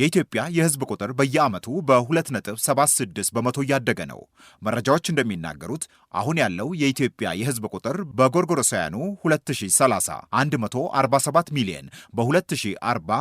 የኢትዮጵያ የሕዝብ ቁጥር በየዓመቱ በ2.76 በመቶ እያደገ ነው። መረጃዎች እንደሚናገሩት አሁን ያለው የኢትዮጵያ የሕዝብ ቁጥር በጎርጎሮሳውያኑ 2030 147 ሚሊዮን፣ በ2040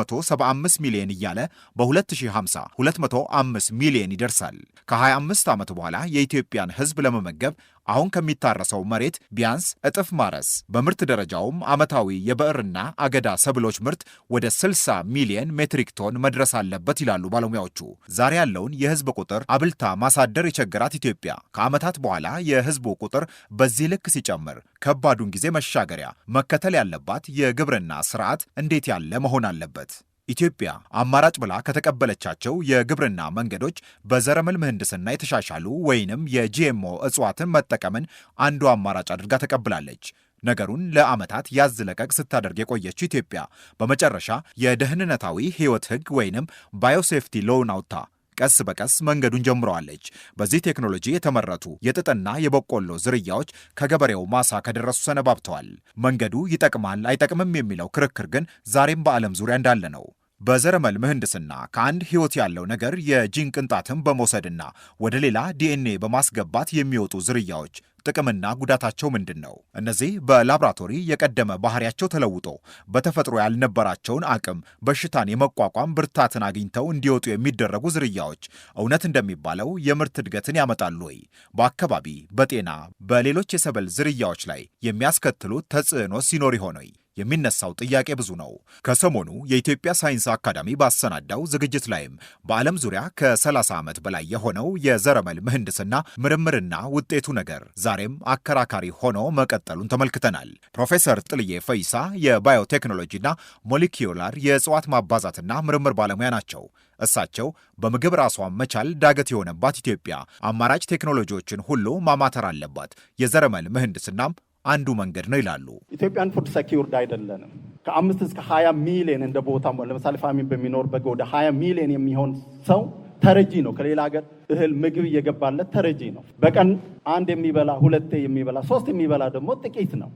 175 ሚሊዮን እያለ በ2050 205 ሚሊዮን ይደርሳል። ከ25 ዓመት በኋላ የኢትዮጵያን ሕዝብ ለመመገብ አሁን ከሚታረሰው መሬት ቢያንስ እጥፍ ማረስ፣ በምርት ደረጃውም ዓመታዊ የብዕርና አገዳ ሰብሎች ምርት ወደ 60 ሚሊየን ሜትሪክ ቶን መድረስ አለበት ይላሉ ባለሙያዎቹ። ዛሬ ያለውን የህዝብ ቁጥር አብልታ ማሳደር የቸገራት ኢትዮጵያ ከዓመታት በኋላ የህዝቡ ቁጥር በዚህ ልክ ሲጨምር ከባዱን ጊዜ መሻገሪያ መከተል ያለባት የግብርና ስርዓት እንዴት ያለ መሆን አለበት? ኢትዮጵያ አማራጭ ብላ ከተቀበለቻቸው የግብርና መንገዶች በዘረመል ምህንድስና የተሻሻሉ ወይንም የጂኤምኦ እጽዋትን መጠቀምን አንዱ አማራጭ አድርጋ ተቀብላለች። ነገሩን ለዓመታት ያዝ ለቀቅ ስታደርግ የቆየችው ኢትዮጵያ በመጨረሻ የደህንነታዊ ሕይወት ሕግ ወይንም ባዮሴፍቲ ሎውን አውጥታ ቀስ በቀስ መንገዱን ጀምረዋለች። በዚህ ቴክኖሎጂ የተመረቱ የጥጥና የበቆሎ ዝርያዎች ከገበሬው ማሳ ከደረሱ ሰነባብተዋል። መንገዱ ይጠቅማል አይጠቅምም የሚለው ክርክር ግን ዛሬም በዓለም ዙሪያ እንዳለ ነው። በዘረመል ምህንድስና ከአንድ ህይወት ያለው ነገር የጂን ቅንጣትን በመውሰድና ወደ ሌላ ዲኤንኤ በማስገባት የሚወጡ ዝርያዎች ጥቅምና ጉዳታቸው ምንድን ነው? እነዚህ በላብራቶሪ የቀደመ ባህሪያቸው ተለውጦ በተፈጥሮ ያልነበራቸውን አቅም፣ በሽታን የመቋቋም ብርታትን አግኝተው እንዲወጡ የሚደረጉ ዝርያዎች እውነት እንደሚባለው የምርት እድገትን ያመጣሉ ወይ? በአካባቢ፣ በጤና፣ በሌሎች የሰብል ዝርያዎች ላይ የሚያስከትሉት ተጽዕኖ ሲኖር ይሆን? የሚነሳው ጥያቄ ብዙ ነው። ከሰሞኑ የኢትዮጵያ ሳይንስ አካዳሚ ባሰናዳው ዝግጅት ላይም በዓለም ዙሪያ ከ30 ዓመት በላይ የሆነው የዘረመል ምህንድስና ምርምርና ውጤቱ ነገር ዛሬም አከራካሪ ሆኖ መቀጠሉን ተመልክተናል። ፕሮፌሰር ጥልዬ ፈይሳ የባዮቴክኖሎጂና ሞሊኪዩላር የእጽዋት ማባዛትና ምርምር ባለሙያ ናቸው። እሳቸው በምግብ ራሷን መቻል ዳገት የሆነባት ኢትዮጵያ አማራጭ ቴክኖሎጂዎችን ሁሉ ማማተር አለባት፣ የዘረመል ምህንድስናም አንዱ መንገድ ነው ይላሉ። ኢትዮጵያን ፉድ ሰኪውርድ አይደለንም። ከአምስት እስከ ሀያ ሚሊዮን እንደ ቦታ ለምሳሌ ፋሚን በገ ወደ ሀያ ሚሊዮን የሚሆን ሰው ተረጂ ነው። ከሌላ ሀገር እህል ምግብ እየገባለት ተረጂ ነው። በቀን አንድ የሚበላ ሁለቴ የሚበላ ሶስት የሚበላ ደግሞ ጥቂት ነው።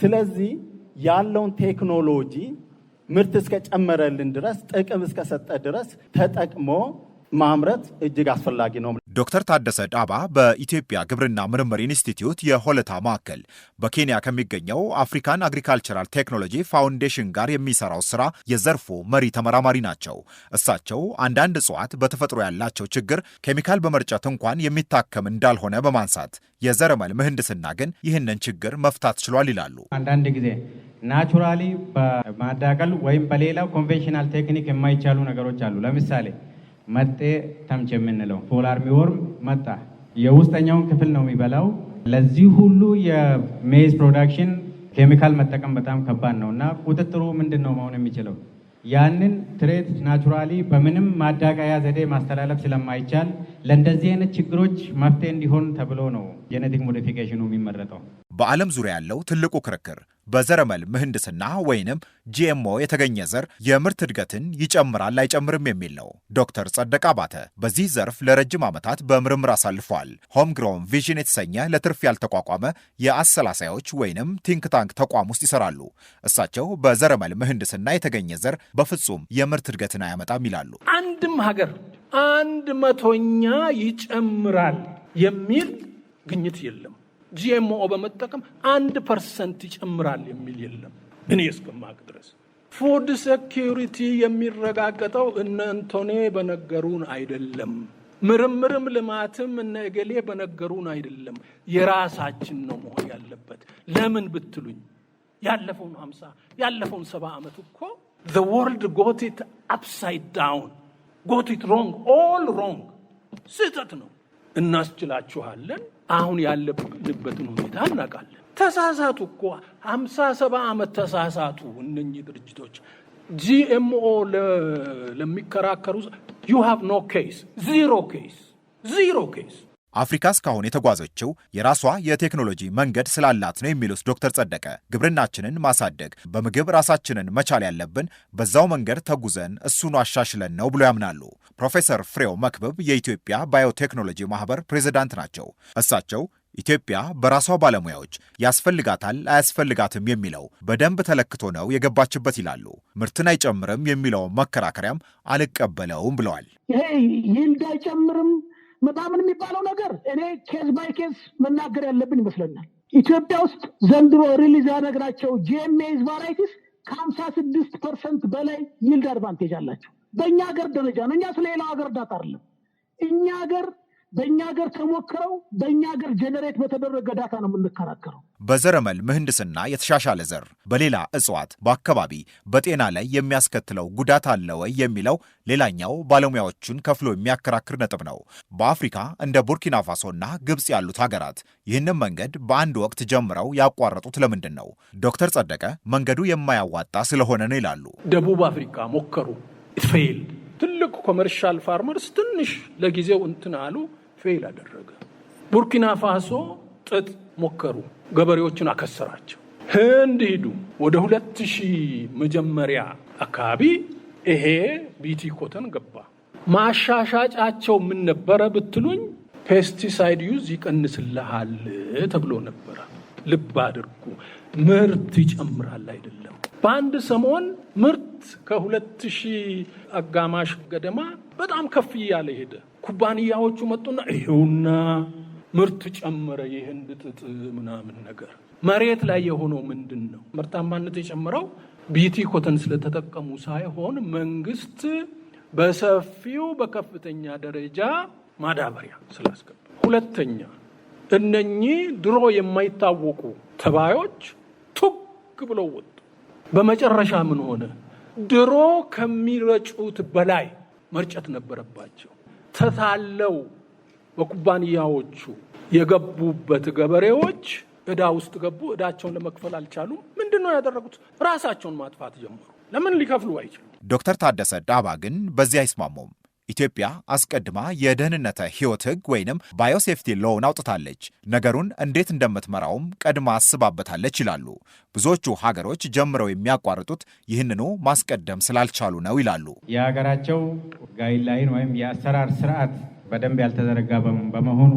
ስለዚህ ያለውን ቴክኖሎጂ ምርት እስከጨመረልን ድረስ ጥቅም እስከሰጠ ድረስ ተጠቅሞ ማምረት እጅግ አስፈላጊ ነው። ዶክተር ታደሰ ዳባ በኢትዮጵያ ግብርና ምርምር ኢንስቲትዩት የሆለታ ማዕከል በኬንያ ከሚገኘው አፍሪካን አግሪካልቸራል ቴክኖሎጂ ፋውንዴሽን ጋር የሚሰራው ስራ የዘርፉ መሪ ተመራማሪ ናቸው። እሳቸው አንዳንድ እጽዋት በተፈጥሮ ያላቸው ችግር ኬሚካል በመርጨት እንኳን የሚታከም እንዳልሆነ በማንሳት የዘረመል ምህንድስና ግን ይህንን ችግር መፍታት ችሏል ይላሉ። አንዳንድ ጊዜ ናቹራሊ በማዳቀል ወይም በሌላው ኮንቬንሽናል ቴክኒክ የማይቻሉ ነገሮች አሉ። ለምሳሌ መጤ ተምች የምንለው ፎል ወርም መጣ። የውስጠኛውን ክፍል ነው የሚበላው። ለዚህ ሁሉ የሜዝ ፕሮዳክሽን ኬሚካል መጠቀም በጣም ከባድ ነው እና ቁጥጥሩ ምንድን ነው መሆን የሚችለው? ያንን ትሬት ናቹራሊ በምንም ማዳቀያ ዘዴ ማስተላለፍ ስለማይቻል ለእንደዚህ አይነት ችግሮች መፍትሄ እንዲሆን ተብሎ ነው ጄኔቲክ ሞዲፊኬሽኑ የሚመረጠው። በዓለም ዙሪያ ያለው ትልቁ ክርክር በዘረመል ምህንድስና ወይንም ጂኤምኦ የተገኘ ዘር የምርት እድገትን ይጨምራል አይጨምርም የሚል ነው። ዶክተር ጸደቅ አባተ በዚህ ዘርፍ ለረጅም ዓመታት በምርምር አሳልፏል። ሆምግሮን ቪዥን የተሰኘ ለትርፍ ያልተቋቋመ የአሰላሳዮች ወይንም ቲንክ ታንክ ተቋም ውስጥ ይሰራሉ። እሳቸው በዘረመል ምህንድስና የተገኘ ዘር በፍጹም የምርት እድገትን አያመጣም ይላሉ። አንድም ሀገር አንድ መቶኛ ይጨምራል የሚል ግኝት የለም። ጂኤምኦ በመጠቀም አንድ ፐርሰንት ይጨምራል የሚል የለም እኔ እስከማቅ ድረስ። ፉድ ሴኪሪቲ የሚረጋገጠው እነ እንቶኔ በነገሩን አይደለም፣ ምርምርም ልማትም እነ እገሌ በነገሩን አይደለም። የራሳችን ነው መሆን ያለበት። ለምን ብትሉኝ ያለፈውን አምሳ ያለፈውን ሰባ ዓመት እኮ ዘ ወርልድ ጎቲት አፕሳይድ ዳውን ጎቲት ሮንግ ኦል ሮንግ ስህተት ነው። እናስችላችኋለን አሁን ያለንበትን ሁኔታ እናውቃለን። ተሳሳቱ እኮ ሀምሳ ሰባ ዓመት ተሳሳቱ። እነኚህ ድርጅቶች ጂኤምኦ ለሚከራከሩ ዩ ሃቭ ኖ ኬስ ዚሮ ኬስ ዚሮ ኬስ አፍሪካ እስካሁን የተጓዘችው የራሷ የቴክኖሎጂ መንገድ ስላላት ነው የሚሉት ዶክተር ጸደቀ ግብርናችንን ማሳደግ በምግብ ራሳችንን መቻል ያለብን በዛው መንገድ ተጉዘን እሱን አሻሽለን ነው ብሎ ያምናሉ። ፕሮፌሰር ፍሬው መክብብ የኢትዮጵያ ባዮቴክኖሎጂ ማህበር ፕሬዚዳንት ናቸው። እሳቸው ኢትዮጵያ በራሷ ባለሙያዎች ያስፈልጋታል አያስፈልጋትም የሚለው በደንብ ተለክቶ ነው የገባችበት ይላሉ። ምርትን አይጨምርም የሚለውን መከራከሪያም አልቀበለውም ብለዋል። ይህ እንዳይጨምርም ምናምን የሚባለው ነገር እኔ ኬዝ ባይ ኬዝ መናገር ያለብን ይመስለኛል። ኢትዮጵያ ውስጥ ዘንድሮ ሪሊዝ ያደረግናቸው ጂኤምኤዝ ቫራይቲስ ከሀምሳ ስድስት ፐርሰንት በላይ ይልድ አድቫንቴጅ አላቸው። በእኛ ሀገር ደረጃ ነው። እኛ ስለ ሌላው ሀገር እርዳታ አይደለም። እኛ ሀገር በእኛ ሀገር ተሞክረው በእኛ ሀገር ጀነሬት በተደረገ ዳታ ነው የምንከራከረው። በዘረመል ምህንድስና የተሻሻለ ዘር በሌላ እጽዋት፣ በአካባቢ፣ በጤና ላይ የሚያስከትለው ጉዳት አለ ወይ የሚለው ሌላኛው ባለሙያዎቹን ከፍሎ የሚያከራክር ነጥብ ነው። በአፍሪካ እንደ ቡርኪና ፋሶና ግብፅ ያሉት ሀገራት ይህንን መንገድ በአንድ ወቅት ጀምረው ያቋረጡት ለምንድን ነው? ዶክተር ጸደቀ መንገዱ የማያዋጣ ስለሆነ ነው ይላሉ። ደቡብ አፍሪካ ሞከሩ ፌል ትልቅ ኮመርሻል ፋርመርስ ትንሽ ለጊዜው እንትን አሉ ፌል አደረገ። ቡርኪና ፋሶ ጥጥ ሞከሩ፣ ገበሬዎችን አከሰራቸው። ህንድ ሂዱ፣ ወደ ሁለት ሺህ መጀመሪያ አካባቢ ይሄ ቢቲ ኮተን ገባ። ማሻሻጫቸው ምን ነበረ ብትሉኝ ፔስቲሳይድ ዩዝ ይቀንስልሃል ተብሎ ነበረ። ልብ አድርጉ፣ ምርት ይጨምራል አይደለም። በአንድ ሰሞን ምርት ከሁለት ሺህ አጋማሽ ገደማ በጣም ከፍ እያለ ሄደ። ኩባንያዎቹ መጡና ይሄውና ምርት ጨመረ፣ የህንድ ጥጥ ምናምን ነገር። መሬት ላይ የሆነው ምንድን ነው? ምርታማነት የጨመረው ቢቲ ኮተን ስለተጠቀሙ ሳይሆን መንግስት በሰፊው በከፍተኛ ደረጃ ማዳበሪያ ስላስገባ። ሁለተኛ እነኚህ ድሮ የማይታወቁ ተባዮች ቱግ ብለው ወጡ። በመጨረሻ ምን ሆነ? ድሮ ከሚረጩት በላይ መርጨት ነበረባቸው። ተታለው በኩባንያዎቹ የገቡበት ገበሬዎች እዳ ውስጥ ገቡ። እዳቸውን ለመክፈል አልቻሉም። ምንድን ነው ያደረጉት? ራሳቸውን ማጥፋት ጀመሩ። ለምን ሊከፍሉ አይችሉም? ዶክተር ታደሰ ዳባ ግን በዚህ አይስማሙም። ኢትዮጵያ አስቀድማ የደህንነተ ሕይወት ሕግ ወይንም ባዮሴፍቲ ሎውን አውጥታለች። ነገሩን እንዴት እንደምትመራውም ቀድማ አስባበታለች ይላሉ። ብዙዎቹ ሀገሮች ጀምረው የሚያቋርጡት ይህንኑ ማስቀደም ስላልቻሉ ነው ይላሉ። የሀገራቸው ጋይድላይን ወይም የአሰራር ስርዓት በደንብ ያልተዘረጋ በመሆኑ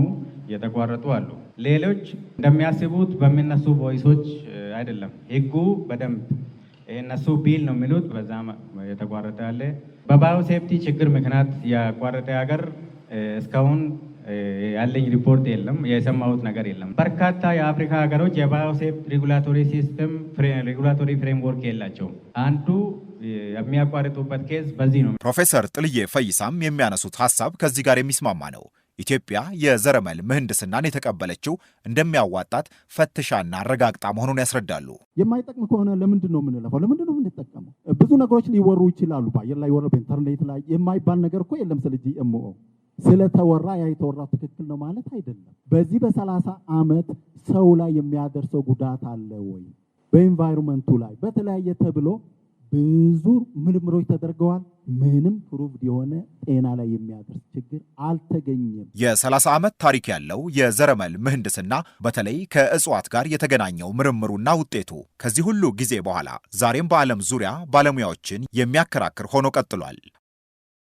የተቋረጡ አሉ። ሌሎች እንደሚያስቡት በሚነሱ ቮይሶች አይደለም። ሕጉ በደንብ እነሱ ቢል ነው የሚሉት። በዛ የተቋረጠ ያለ በባዮ ሴፍቲ ችግር ምክንያት ያቋረጠ ሀገር እስካሁን ያለኝ ሪፖርት የለም፣ የሰማሁት ነገር የለም። በርካታ የአፍሪካ ሀገሮች የባዮሴፍ ሬጉላቶሪ ሲስተም ሬጉላቶሪ ፍሬምወርክ የላቸውም። አንዱ የሚያቋርጡበት ኬዝ በዚህ ነው። ፕሮፌሰር ጥልዬ ፈይሳም የሚያነሱት ሀሳብ ከዚህ ጋር የሚስማማ ነው። ኢትዮጵያ የዘረመል ምህንድስናን የተቀበለችው እንደሚያዋጣት ፈትሻና አረጋግጣ መሆኑን ያስረዳሉ። የማይጠቅም ከሆነ ለምንድን ነው የምንለፈው? ለምንድን ነው የምንጠቀመው? ብዙ ነገሮች ሊወሩ ይችላሉ። በአየር ላይ ወረ፣ በኢንተርኔት ላይ የማይባል ነገር እኮ የለም። ስለ ጂኤምኦ ስለተወራ ያ የተወራ ትክክል ነው ማለት አይደለም። በዚህ በሰላሳ ዓመት ሰው ላይ የሚያደርሰው ጉዳት አለ ወይ በኢንቫይሮመንቱ ላይ በተለያየ ተብሎ ብዙ ምርምሮች ተደርገዋል። ምንም ፕሩቭድ የሆነ ጤና ላይ የሚያደርስ ችግር አልተገኘም። የ30 ዓመት ታሪክ ያለው የዘረመል ምህንድስና በተለይ ከእጽዋት ጋር የተገናኘው ምርምሩና ውጤቱ ከዚህ ሁሉ ጊዜ በኋላ ዛሬም በዓለም ዙሪያ ባለሙያዎችን የሚያከራክር ሆኖ ቀጥሏል።